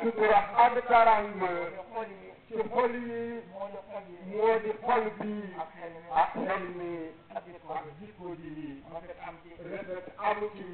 sutura adkarahuma ci xol yi moo di xol bi ak xel mi ak jikko ji rafet am ci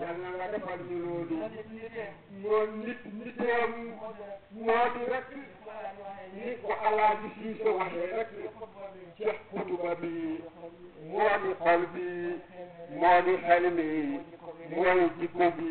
yal na nga defal ñu loolu moo nit niteem moo di rek ni ko alaaji siise waxee rek ci kutuba bi moo di xol bi moo di xel mi mooy jikko bi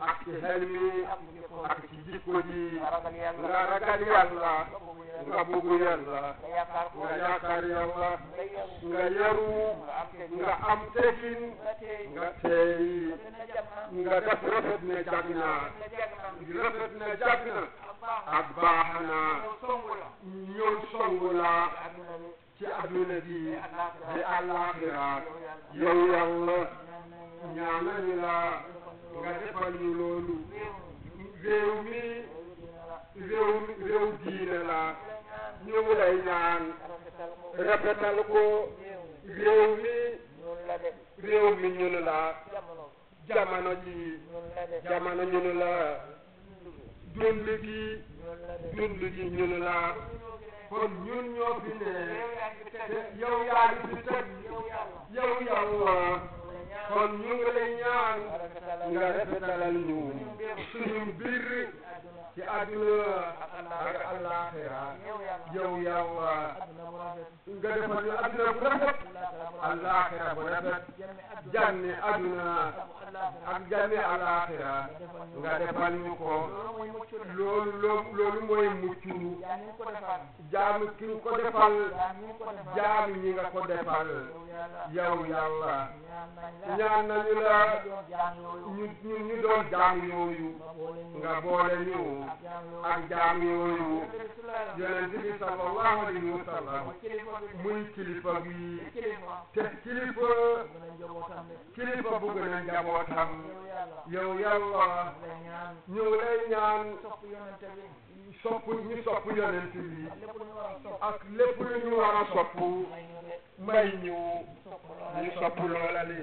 ak ci xel mi ak ci jikko ji nga ragal yàlla nga bëgg yàlla nga yaakaar yàlla nga yaru nga am tegin nga teey nga def rafet ne jag na rafet ne jag na ak baax na ñëw song la ci adduna bi di àllaaxira yow yàlla ñaanal la Gwè oumi, gwè oum gwi nè la Nyon wè yon, repre taloko Gwè oumi, gwè oum nè la Djamano gwi, djamano nè la Doun luki, doun luki nè la Kon yon yon finè Yon yon yon wè kon ñu ngi lay ñaan nga rafetalal ñu suñu mbir ci àdduna ak àllaaxira yow yàlla nga defal ñu àdduna bu rafet àllaaxira bu rafet jànni àdduna ak jànni àllaaxira nga defal ko loolu loolu mooy mucc jaam ki nga ko defal jaam ñi nga yow yàlla ñaan nañu la ñu ñu doon jaam yooyu nga boole ñu ak jaam yooyu yonent bi sallallahu alayhi wa sallam muy kilifa bi te kilifa kilifa bu gën a njabootam yow yàlla So pou misopou yon enti li, ak lepou loun nou aran so pou, may nou misopou loun lale.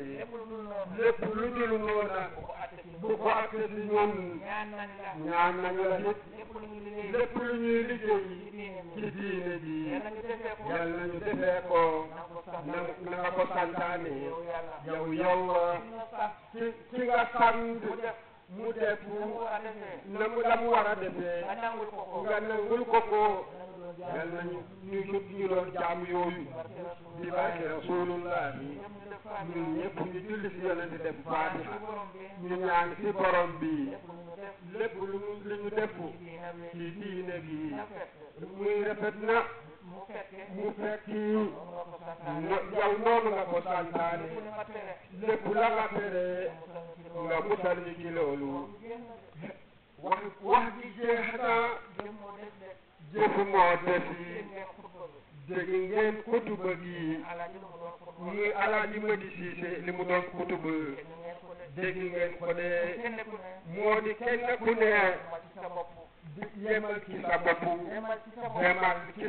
Lepou loun nou nan, boko ati din yon, nan nan yon, lepou loun nou li deyi, ki di le di. Yal nan yon dey dey kon, nan nan kon san tane, yaw yaw, ah. ki ga san dey. Ameniye ouvia diape Ameniye pou ou flux Gennenyi andytan gen pya tou Sibayi resulou Solou speeding Mwenyep mwen seousil wy 宮 nak chatmen mwen yon seleni den fati wote Mwen nyami melan wote Sen soumi mwen wote itol tanye Nhane mwen mwen... mu fekk yow noonu nga ko santaane lépp la nga tere nga musal ñu ci loolu wax wax ji jeex na jëf moo des yi dégg ngeen kutuba gi ñii alaaji Madi Siise li mu doon kutuba dégg ngeen ko moo di kenn ku ne yemal ci sa bopp yemal ci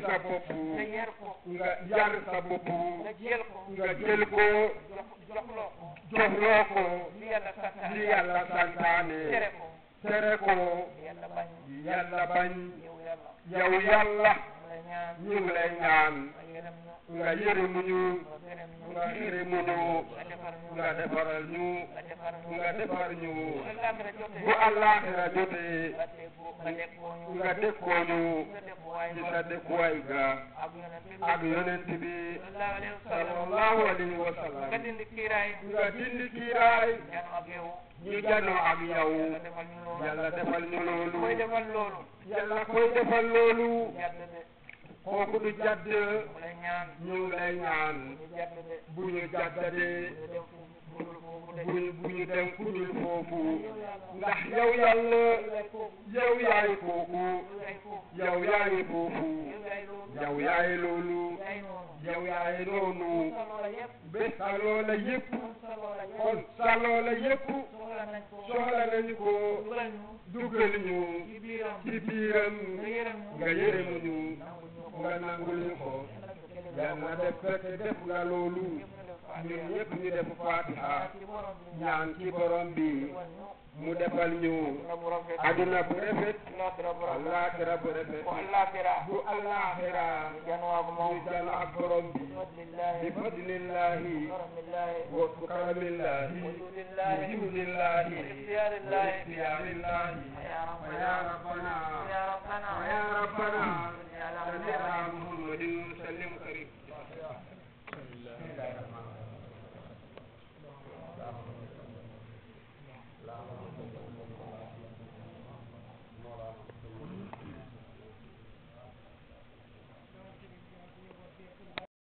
sa bopp nga yar ko nga yar sa bopp nga jël ko nga jël ko joxloo ko joxloo ko li yàlla santaane tere ko yàlla bañ yow yàlla ñu ngi lay ñaan nga yërëmuñu nga yërëmuñu yàlla defaral ñu. nga ñu. bu nga def ko ñu. ci sa ga. ak yonent bi. sallallahu nga dindi ñu ak yow. yàlla defal ñu yàlla koy defal kooku du jàdd ñu ngi lay ñaan bu ñu jàddadee bu bu ñu dem fu dul foofu ndax yow yàlla yow yaay kooku yow yaay foofu yow yaay loolu yow yaay noonu ba sa loola yëpp kon sa loola yëpp soxla nañu ko duggal ci biiram nga yërëmu ñu nga nangul ñu ko yàlla def fekk def nga loolu ñëpp ñu def fatiha ñaan ci borom bi mu defal ñu adduna bu rafet alaakira bu rafet bu alaakira ñu jàll ak borom bi bi fadlillahi wa karamillahi bi himdillahi wa ikhtiyarillahi wa ya rabbana wa ya rabbana ala nabiyyina muhammadin sallim